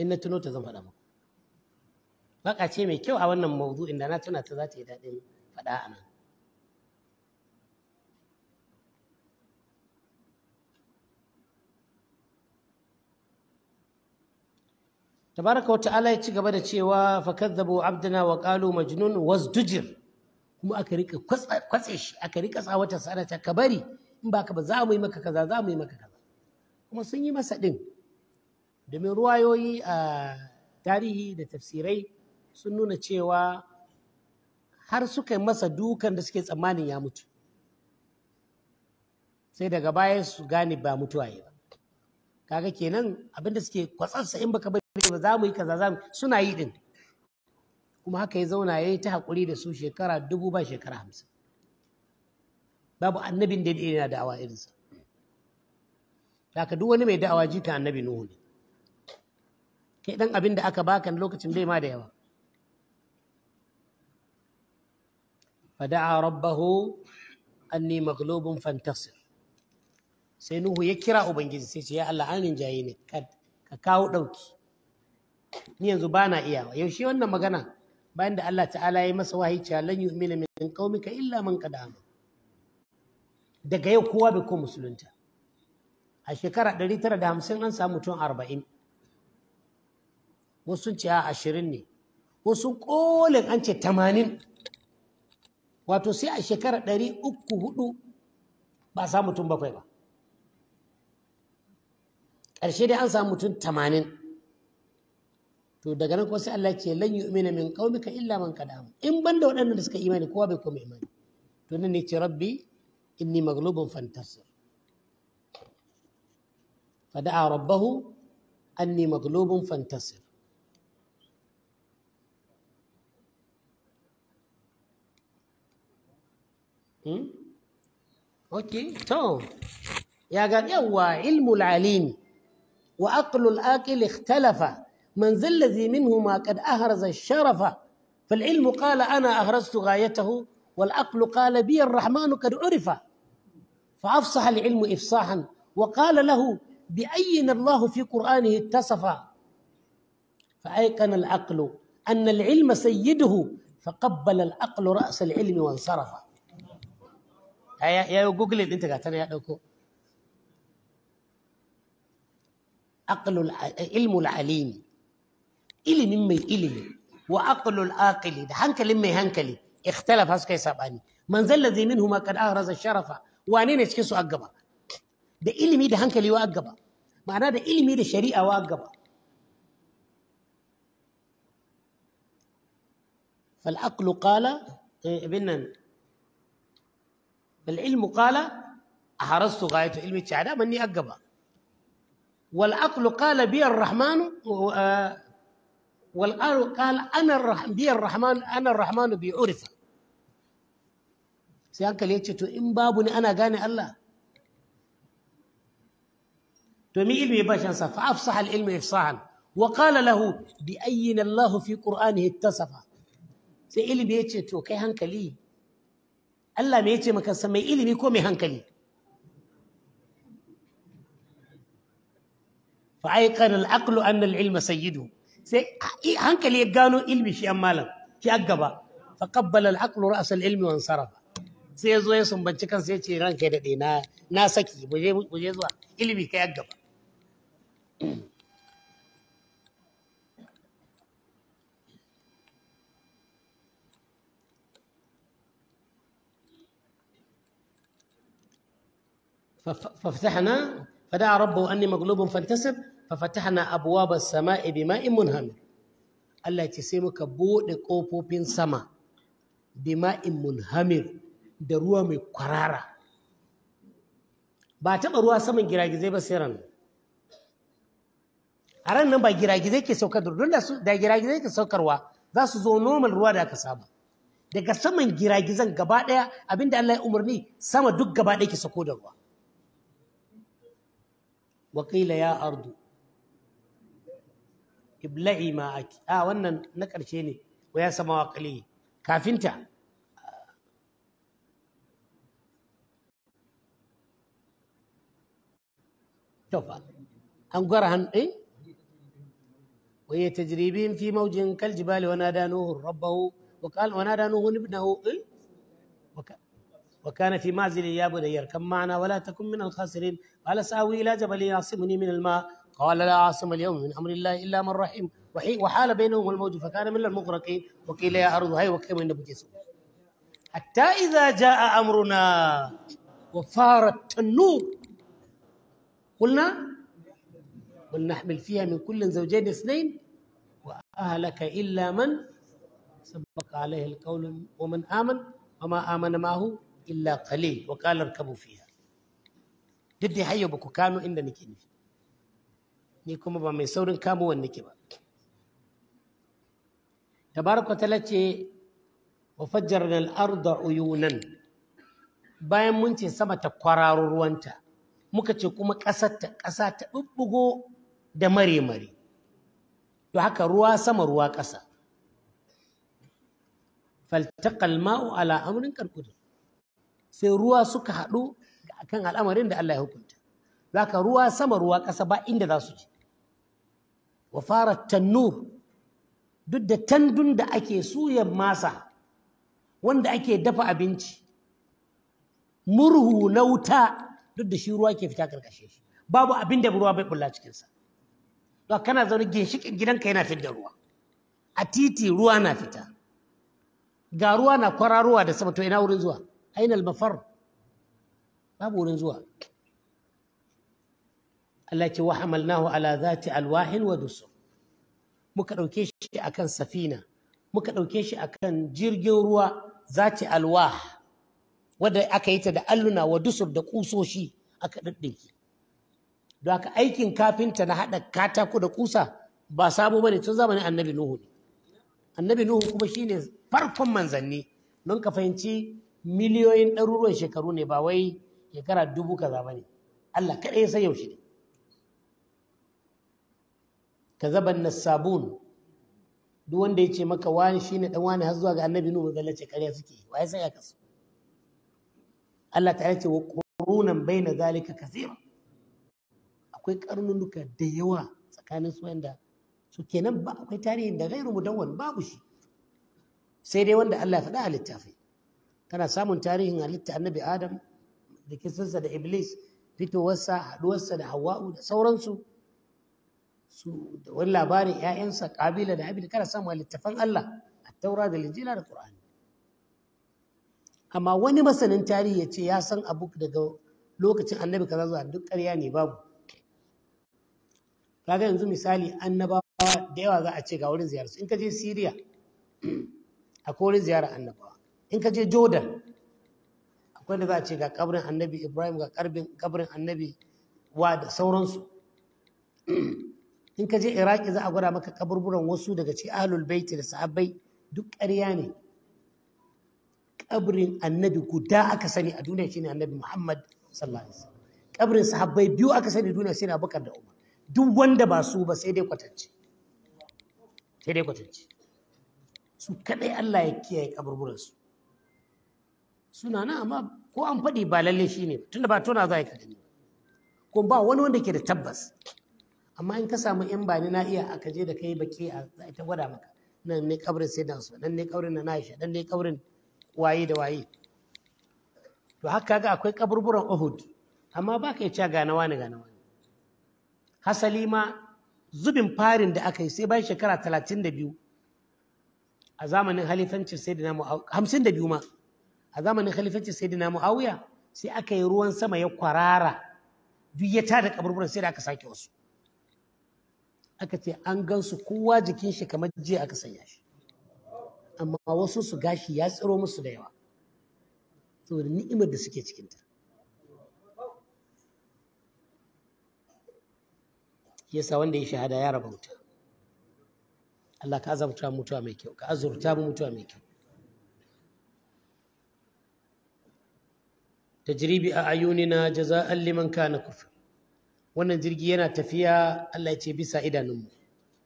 إن تنوت ذم هذا بقى شيء مكيو أو أن الموضوع تنا تذاتي ذاتي فدا أنا tabaraka wata'ala ya ci gaba da cewa fakadzabu abdana wa qalu majnun wazdujir kuma aka rika kwatse shi aka rika wata sana ta kabari in baka ba za mu yi maka kaza za mu yi maka kaza kuma sun yi masa din domin ruwayoyi a tarihi da tafsirai sun nuna cewa har suka yi masa dukan da suke tsammanin ya mutu sai daga baya su gane ba mutuwa ba kaga kenan abinda suke kwatsarsa in baka ba za mu yi kaza za mu suna yi din kuma haka ya zauna ya yi ta haƙuri da su shekara dubu ba shekara hamsin babu annabin da yana da'awa irinsa daga duk wani mai da'awa jika annabi nuhu ne kai dan abin da aka baka lokacin bai ma da yawa fada'a rabbahu anni maghlubun fantasir sai nuhu ya kira ubangiji sai ce ya Allah an rinjaye ne ka kawo ɗauki ni yanzu ba na iya iyawa yaushe wannan magana bayan da Allah ta'ala ya masa wahayi cewa lan yu'mina min qaumika illa man qad daga yau kowa bai ko musulunta a shekara 950 an samu mutum 40 wasu sun ce a 20 ne wasu kolin an ce 80 wato sai a shekara 304 ba samu mutum bakwai ba ƙarshe dai an samu mutum 80 to daga nan kuma sai Allah ce lan yu'mina min qaumika illa man qad am in banda wadannan da suka imani kowa bai koma imani to nan ne ce rabbi inni maghlubun fantasir fada'a rabbahu anni maghlubun fantasir Hmm? Okay, to ya ga yawa ilmul alim wa aqlul aqil ikhtalafa من ذا الذي منهما قد أهرز الشرف فالعلم قال أنا أهرزت غايته والعقل قال بي الرحمن قد عرف فأفصح العلم إفصاحا وقال له بأين الله في قرآنه اتصف فأيقن العقل أن العلم سيده فقبل العقل رأس العلم وانصرف يا يا جوجل انت قاعد يا دوكو عقل العلم العليم إلي نمي إلي وأقل الآقل ده هنك لمي هنكلي اختلف هسكي سباني من ذا الذي منهما قد أهرز الشرفة وانين اشكسوا أقبا ده إلي ميد هنكلي وأقبا معناه ده إلي ده شريعة وأقبا فالعقل قال إيه، ابن العلم قال أهرزت غاية علم التعالى مني أقبا والعقل قال بي الرحمن والآن قال أنا الرحمن بي الرحمن أنا الرحمن بي عرف سيانك ليتش تو إن بابني أنا غاني الله تو مي إلمي باشان صف أفصح العلم إفصاحا وقال له بأين الله في قرآنه اتصف سي إلمي يتش تو كي هنكلي الله ميتش مكسم مي إلمي كومي هنكلي فأيقن العقل أن العلم سيده سي إيه، هانك اللي يقانو إلبي شيئا مالا شيئا فقبل العقل رأس العلم وانصرف سي يزو يسم بانشكن سي تيران كده دي نا ناسكي بجي بجي زوا ففتحنا فدعا ربه اني مغلوب فانتسب fa fatahna abwaba samai bima'in munhamir Allah ce sai muka bude kofofin sama bima'in munhamir da ruwa mai kwarara ba taɓa ruwa saman giragizai ba sai ran a ran nan ba giragizai ke saukar da su da giragizai ke saukarwa za su zo normal ruwa da aka saba daga saman giragizan gaba ɗaya abinda Allah ya umarni sama duk gaba ɗaya ke sako da ruwa wakila ya ardu ibla'i ma aki a wannan na ƙarshe ne wa ya sama wa kali kafinta tofa an في موج كالجبال ونادى نوح ربه وقال ونادى نوح ابنه إيه؟ وكان في مازل يا بني اركب معنا ولا تكن من الخاسرين قال ساوي الى جبل يعصمني من الماء قال لا عاصم اليوم من أمر الله إلا من رحم وحال بينهم الموج فكان من المغرقين وقيل يا أرض هاي وكيف من حتى إذا جاء أمرنا وفار التنور قلنا ولنحمل فيها من كل زوجين اثنين وأهلك إلا من سبق عليه القول ومن آمن وما آمن معه إلا قليل وقال اركبوا فيها حي حيبكوا كانوا إنني كنفي ni kuma ba mai saurin kamuwan nake ba tabaraka ta lace wa fajjarna al-arda uyunan bayan mun ce sama ta kwararo ruwanta muka ce kuma ƙasar ta ƙasa ta ɓuɓɓugo da mare mare to haka ruwa sama ruwa ƙasa faltaqal ma'u ala amrin sai ruwa suka haɗu akan al'amarin da Allah ya hukunta ka ruwa sama ruwa ƙasa ba inda za su je wa fara tannur duk da tandun da ake suyan masa wanda ake dafa abinci murhu na wuta duk da shi ruwa ke fita karkashe shi babu abin da ruwa bai bulla cikinsa to kana zaune ginshikin gidanka yana fitar ruwa a titi ruwa na fita ga ruwa na kwararowa da sama to ina wurin zuwa ainal mafar babu wurin zuwa Allah ce wa hamalnahu ala zati alwahin wa dusu muka ɗauke shi akan safina muka ɗauke shi akan jirgin ruwa zati alwah wanda aka yi ta da alluna wa dusur da kusoshi aka ɗinɗinki don haka aikin kafinta na haɗa katako da kusa ba sabo bane tun zamanin annabi nuhu ne annabi nuhu kuma shine farkon manzanni don ka fahimci miliyoyin ɗaruruwan shekaru ne ba wai shekara dubu kaza bane Allah kaɗai sai yaushe ne kazaban nasabun duk wanda ya ce maka wani shine dan wani har zuwa ga annabi nuhu zalla ce karya suke waye sai ya kasu Allah ta yace wa qurunan baina zalika kaseera akwai karnunuka da yawa tsakanin su wanda su kenan ba akwai tarihin da gairu mudawwan babu shi sai dai wanda Allah ya faɗa a littafi. kana samun tarihin halitta annabi adam da kisansa da iblis fitowarsa haɗuwarsa da hawa'u da sauransu su da wani labarin ‘ya'yansa ƙabila da abin kada samu littafan Allah a taura da lijila da ƙur'ani amma wani masanin tarihi ya ce ya san abu daga lokacin annabi kaza zuwa duk ƙarya ne babu kaga yanzu misali annabawa da yawa za a ce ga wurin ziyararsu in ka je siriya akwai wurin ziyarar annabawa in ka je jordan akwai da za a ce ga kabrin annabi ibrahim ga kabrin annabi wa da sauransu in ka je iraki za a gwada maka kaburburan wasu daga ci ahlul baiti da sahabbai duk ƙarya ne kabrin annabi guda aka sani a duniya shine annabi muhammad sallallahu alaihi wasallam kabrin sahabbai biyu aka sani duniya shine abubakar da umar duk wanda ba su ba sai dai kwatance sai dai kwatance su kadai Allah ya kiyaye kaburburan su suna nan amma ko an faɗi ba lalle shine tunda ba tona za ka gani ko ba wani wanda ke da tabbas amma in ka samu yan bani na iya aka je da kai baki a ta gwada maka nan ne kabrin sai dan su nan ne kabrin na Aisha nan ne kabrin waye da waye to haka ga akwai kaburburan Uhud amma ba ka iya ga na wani ga na wani hasali ma zubin farin da aka yi sai bayan shekara 32 a zamanin halifancin sayyidina Muawiya 52 ma a zamanin halifancin sayyidina Muawiya sai aka yi ruwan sama ya kwarara duk ya tada kaburburan sai da aka sake wasu aka ce an gansu kowa jikin shi kamar jiya aka sanya shi amma wasu su gashi ya tsiro musu da yawa saboda ni'imar da suke cikinta yasa wanda ya shahada ya raba wuta Allah ka azurta mutuwa mai kyau ka azurta mu mutuwa mai kyau tajribi a ayunina jaza'an liman kana kufr wannan jirgi yana tafiya Allah ya ce bisa idanunmu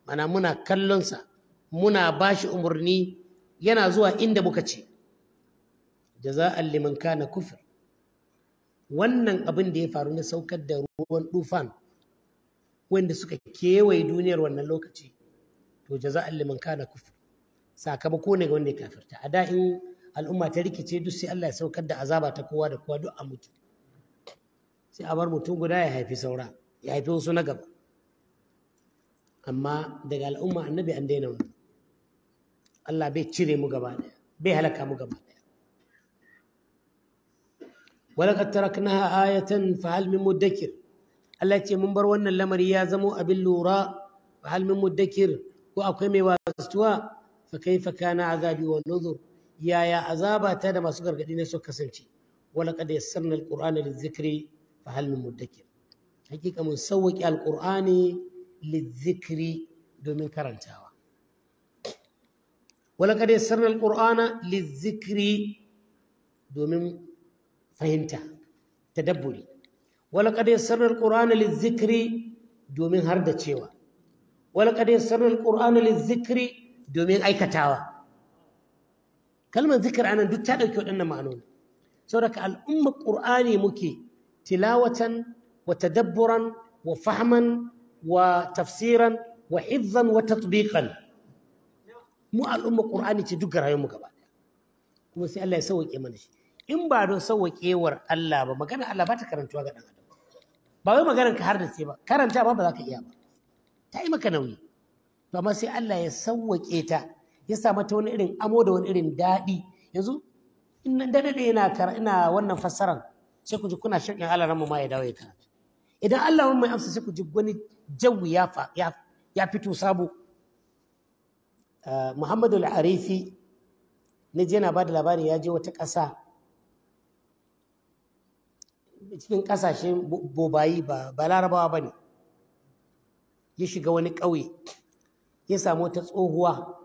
mana muna kallonsa muna bashi umarni yana zuwa inda muka ce jaza'an liman kana kufur wannan abin da ya faru na saukar da ruwan dufan wanda suka kewaye duniyar wannan lokaci to jaza'an liman kana kufur sakamako ne ga wanda ya kafirta a da in al'umma ta rikice duk sai Allah ya saukar da azaba ta kowa da kowa duk a mutu sai a bar mutum guda ya haifi saura ya haifi wasu na gaba amma daga al'umma annabi an daina mu Allah bai cire mu gaba ɗaya, bai halaka mu gaba daya walaqad taraknaha ayatan fa hal min mudakkir Allah ce mun bar wannan lamari ya zamo abin lura fa hal min mudakkir ko akwai mai wasuwa fa kaifa kana azabi wa nuzur yaya azaba ta da masu gargadi ne suka kasance walaqad yassarna alqur'ana lizikri fa hal min muddakir hakika mun sauwaki alqur'ani lizikri domin karantawa wala kada yassarna alqur'ana lizikri domin fahimta tadabburi wala kada yassarna alqur'ana lizikri domin har da cewa wala kada yassarna alqur'ana lizikri domin aikatawa kalmar zikir anan duk ta ɗauki waɗannan ma'anoni saboda al'ummar ƙur'ani muke tilawatan wata dabburan, wa fahman wa tafsiran wa hifzan wa tatbiqan mu al'umma ce duk rayuwar mu gaba kuma sai Allah ya sauke mana shi in ba don sauƙewar Allah ba magana Allah ba ta karantuwa ga ɗan ba wai maganar ka har da ba karanta ba ba za ka iya ba ta maka nauyi to sai Allah ya sauwaƙe ta ya sa mata wani irin amo da wani irin daɗi yanzu yana ina wannan fasaran. sai ku ji kuna shirkin Allah ranmu ma ya dawo ya karatu idan Allah mai amsa sai ku ji wani jawi ya ya fito sabo ah, Muhammadu al-Arifi na je yana ba da labari ya je wata ƙasa cikin ƙasashen bobayi ba larabawa ba ne ya shiga wani ƙauye ya samu wata tsohuwa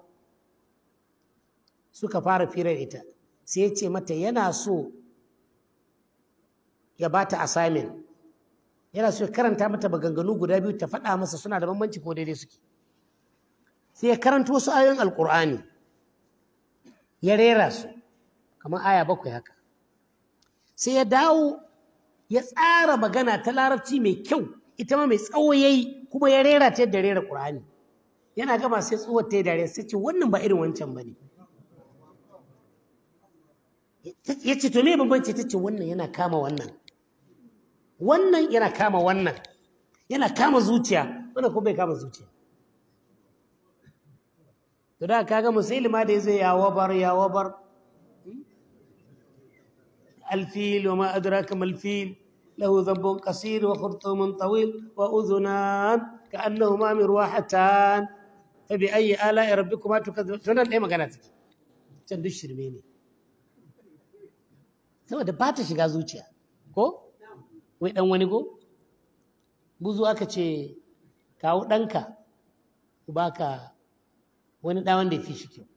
suka fara firar ita sai ya ce mata yana so ya ba ta assignment yana so ya karanta mata maganganu guda biyu ta faɗa masa suna da bambanci ko daidai suke sai ya karanta wasu ayoyin alkur'ani ya rera su kamar aya bakwai haka sai ya dawo ya tsara magana ta larabci mai kyau ita ma mai tsawo ya yi kuma ya rera ta yadda rera ƙur'ani yana gama sai tsuwar ta yi dare sai ce wannan ba irin wancan ba ne ya ce to me bambanci ta ce wannan yana kama wannan wannan yana kama wannan yana kama zuciya wannan kuma bai kama zuciya to da kaga musulma da yazo ya wabar ya wabar الفيل وما أدراك ما الفيل له ذنب قصير وخرطوم طويل وأذنان كأنهما مرواحتان فبأي آلاء ربكما تكذبان تنان ليه مغاناتك can duk shirme ne saboda ba ta shiga zuciya ko wai dan wani go buzu aka ce kawo ɗanka baka wani ɗa wanda ya fi shi kyau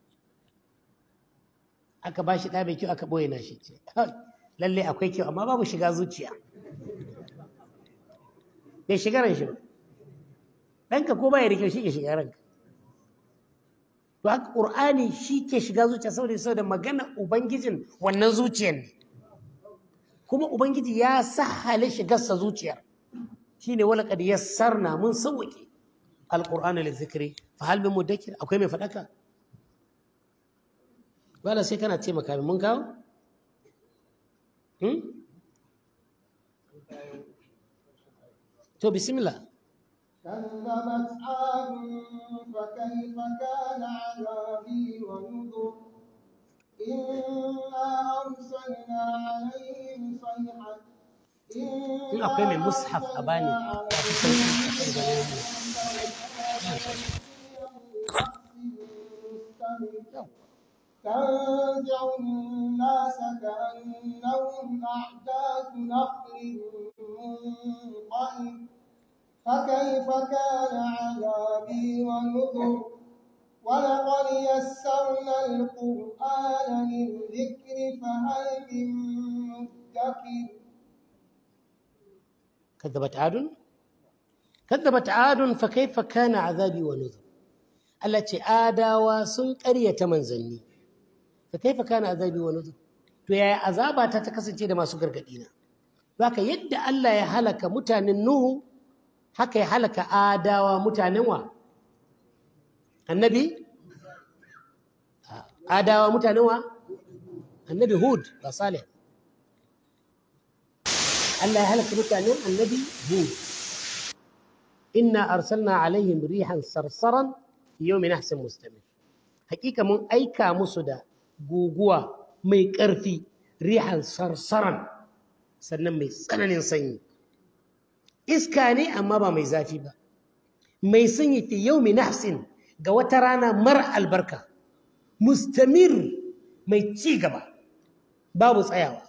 aka ba shi ɗa mai kyau aka ɓoye na shi lallai akwai kyau amma babu shiga zuciya bai shiga ran shi ba ɗanka ko bai da kyau shi ke shiga ranka to haka ƙur'ani shi ke shiga zuciya saboda saboda magana ubangijin wannan zuciyar ne kuma ubangiji ya sahale shigarsa zuciyar shine wala kad yassarna mun sauke alqur'ana lizikri fa hal min mudakkir akwai mai fadaka wala sai kana taimaka mun kawo hmm to bismillah كذبت عاد فكيف كان عذابي ونذر إنا أرسلنا عليهم صيحة in akwai mai mushaf a bani تنزع الناس كأنهم أحداث نخل منقعد فكيف كان عذابي ونذر ولقد يسرنا القرآن للذكر فهل من مدكر كذبت عاد كذبت عاد فكيف كان عذابي ونذر التي آدا وسن قرية منزلني فكيف كان عذابي ونذر to yaya azaba ta ta kasance da masu gargaɗi na baka yadda Allah ya halaka mutanen Nuhu haka ya halaka adawa mutanen wa annabi adawa mutanen wa annabi hud ba salih Allah ya halaka mutanen annabi hud inna arsalna alaihim rihan sarsaran yawmin nahsin mustamir hakika mun aika musu da guguwa mai ƙarfi rihan sarsaran sannan mai tsananin sanyi iska ne amma ba mai zafi ba mai sanyi fi yawmin nahsin ga wata rana mar albarka mustamir mai ci gaba babu tsayawa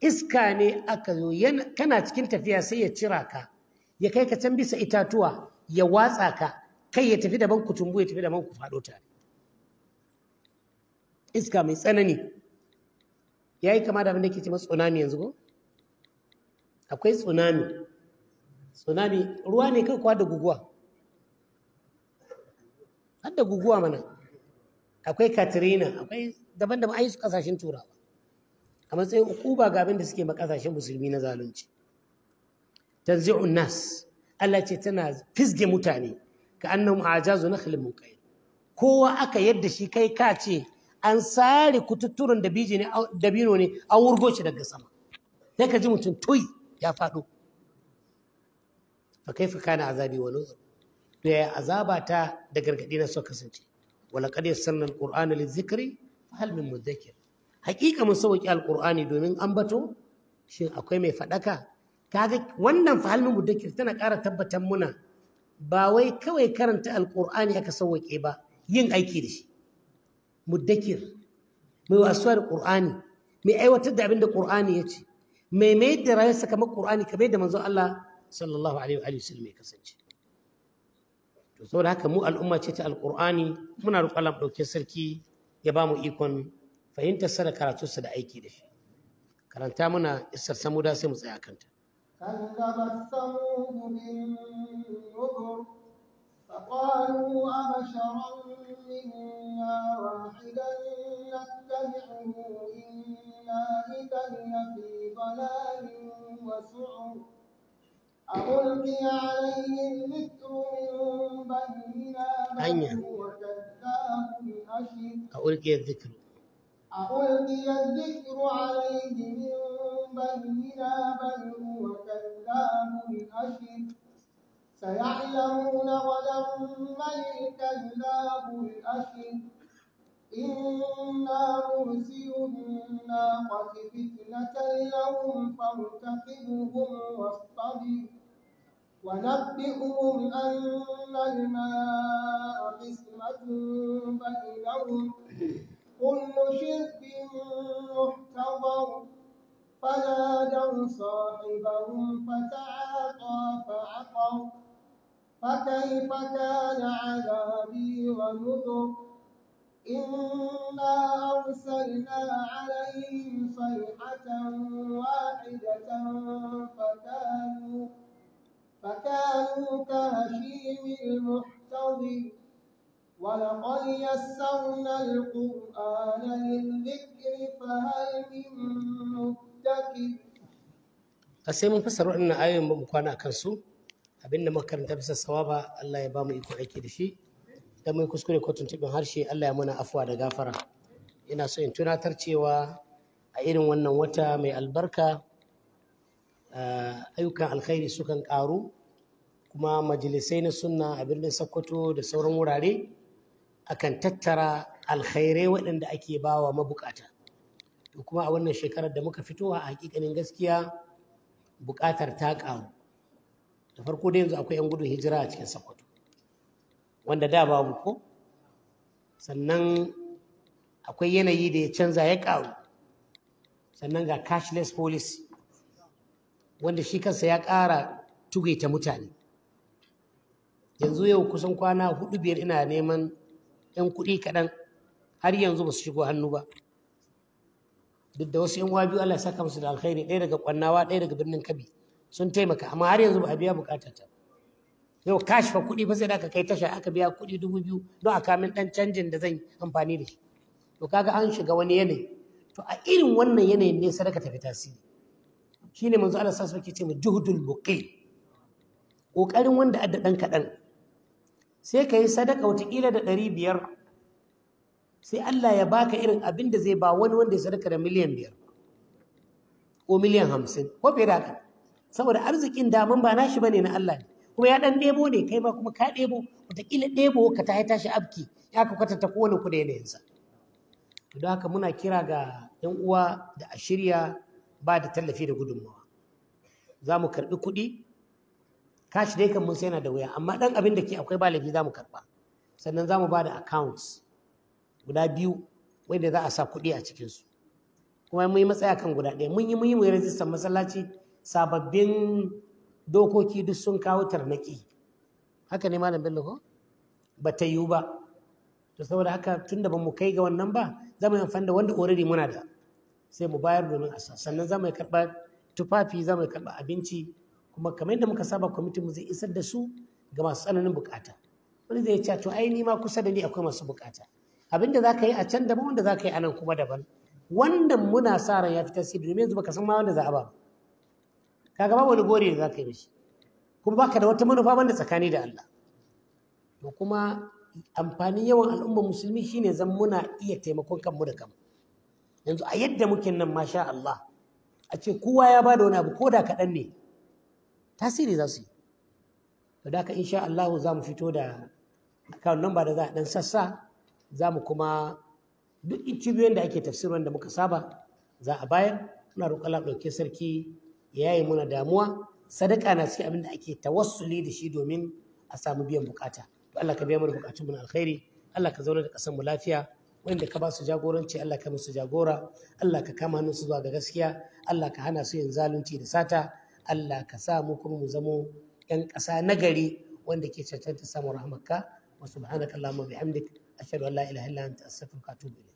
iska ne aka zo kana cikin tafiya sai ya cira ka ya kai ka can bisa itatuwa ya watsa ka kai ya tafi daban ku tumbu ya tafi daban ku faɗo tare iska mai tsanani ya yi kama da abin da ke ce tsunami yanzu ko akwai tsunami tsunami ruwa ne kai kwa da guguwa har da guguwa mana akwai katrina akwai daban-daban ai su kasashen turawa a matsayin ukuba ga abin da suke ma kasashen musulmi na zalunci tanzi'un nas Allah ce tana fisge mutane ka annahum ajazu nakhlin munqayl kowa aka yadda shi kai ka ce an sare da biji ne dabino ne an wurgo shi daga sama sai ka ji mutum toyi ya faɗo fa kaifa kana azabi wa nuzur da ya azaba ta da gargaɗi na suka kasance walaƙad yassarna alqur'ana lizikri hal min mudhakkir haƙiƙa mun sauƙi alqur'ani domin an bato? shin akwai mai faɗaka kaga wannan fa hal min tana ƙara tabbatar muna ba wai kawai karanta alqur'ani aka sauƙe ba yin aiki da shi mudhakkir mai wasuwar Kur'ani. qur'ani mai aiwatar da abin da qur'ani ya ce mai mai da rayuwarsa kamar qur'ani kamar da manzo Allah sallallahu alaihi wa sallam ya kasance to saboda haka mu al'umma ce ta alqur'ani muna roƙon Allah ɗauke sarki ya ba mu ikon fahimtar sa da sa da aiki da shi karanta muna isar samuda sai mu tsaya kanta كذبت ثمود بالنذر فقالوا أبشرا منا واحدا نتبعه إنا إذا لفي ضلال وسعر ألقي عليه الذكر من بيننا كذاب أشر ألقي الذكر ألقي الذكر عليه من بيننا بل هو كذاب الأشر سيعلمون غدا من الكذاب الأشر إنا مرسل الناقة فتنة لهم فارتقبهم واصطبر ونبئهم أن الماء قسمة بينهم كل شرب محتضر فنادوا صاحبهم فتعاطى فعقر فكيف كان عذابي ونذر إنا أرسلنا عليهم صيحة واحدة فكانوا فكانوا كهشيم المحتضر ولقد يسرنا القرآن للذكر فهل من مدكر sai mun fassara waɗannan ayoyin ba kwana a kansu abinda muka karanta bisa sawaba Allah ya ba mu iko aiki da shi da mun kuskure ko tuntuɓin harshe Allah ya muna afuwa da gafara ina so in tunatar cewa a irin wannan wata mai albarka Eh, ayyukan alkhairi sukan ƙaru kuma majalisai na sunna a birnin sokoto da sauran wurare akan tattara alkhairai waɗanda ake bawa mabukata to kuma a wannan shekarar da muka fito a hakikanin gaskiya buƙatar ta ƙaru da farko da yanzu akwai 'yan gudun hijira a cikin sokoto wanda da babu ko sannan akwai yanayi da ya canza ya ƙaru sannan ga cashless policy wanda shi kansa ya ƙara ta mutane yanzu yau kusan kwana hudu biyar ina neman 'yan kuɗi kaɗan har yanzu ba su shigo hannu ba duk da wasu 'yan wabi Allah ya saka musu da alkhairi ɗaya daga kwannawa ɗaya daga birnin kabi sun taimaka amma har yanzu ba a biya bukatar ta yau kashi fa kuɗi ba sai da aka kai tasha aka biya kuɗi dubu biyu don a kamin ɗan canjin da zan amfani da shi to kaga an shiga wani yanayi to a irin wannan yanayin ne sadaka tafi tasiri shine manzo Allah sallallahu alaihi wasallam yake ce juhdul kokarin wanda adda dan kadan sai kai sadaka wataƙila da 500 sai Allah ya baka irin abin da zai ba wani wanda ya sadaka da miliyan 5 ko miliyan 50 ko fiye da haka saboda arzikin daman ba nashi bane na Allah ne kuma ya ɗan debo ne kai ma kuma ka debo wataƙila debo ka ta tashi abki ya ka ta kowane ku da yanayinsa to don haka muna kira ga 'yan uwa da a shirya ba da tallafi da gudunmawa za mu karɓi kuɗi kashi dai kan mun sai yana da wuya amma ɗan abin da ke akwai ba laifi za mu karɓa sannan za mu ba da accounts guda biyu wanda za a sa kuɗi a cikinsu kuma mun yi matsaya kan guda ɗaya mun yi mun yi mu rajistar masallaci sababbin dokoki duk sun kawo tarnaki haka ne malam bello ko ba ta yiwu ba to saboda haka tunda ba mu kai ga wannan ba za mu yi amfani da wanda already muna da sai mu bayar domin asa sannan za mu karɓa tufafi za mu karɓa abinci kuma kamar yadda muka saba kwamitin mu zai isar da su ga masu tsananin bukata wani zai ce to ai ni ma kusa da ni akwai masu bukata abinda za ka yi a can daban wanda za ka yi a nan kuma daban wannan muna sa ran ya fi tasiri domin yanzu baka san ma wanda za a ba kaga ba wani gori da za ka yi mishi kuma baka da wata manufa banda tsakani da Allah to kuma amfanin yawan al'ummar musulmi shine zan muna iya taimakon kanmu da kanmu yanzu a yadda muke nan masha Allah a ce kowa ya bada wani abu ko da kaɗan ne tasiri za su yi to da haka insha Allah za mu fito da nan ba da za a ɗan sassa za mu kuma duk cibiyoyin da ake tafsirin da muka saba za a bayar muna roƙala ɗauke sarki ya yi muna damuwa sadaka na cikin abin da ake tawassuli da shi domin a samu biyan bukata to Allah ka biya mana bukatun mu na alkhairi Allah ka zauna da ƙasar mu lafiya wanda ka ba su jagoranci Allah ka musu jagora Allah ka kama hannun su zuwa ga gaskiya Allah ka hana su yin zalunci da sata Allah ka sa mu kuma mu zamo yan ƙasa nagari wanda ke cancanta samun rahmarka wa subhanaka allahumma bihamdik ashhadu an la ilaha illa anta astaghfiruka wa atubu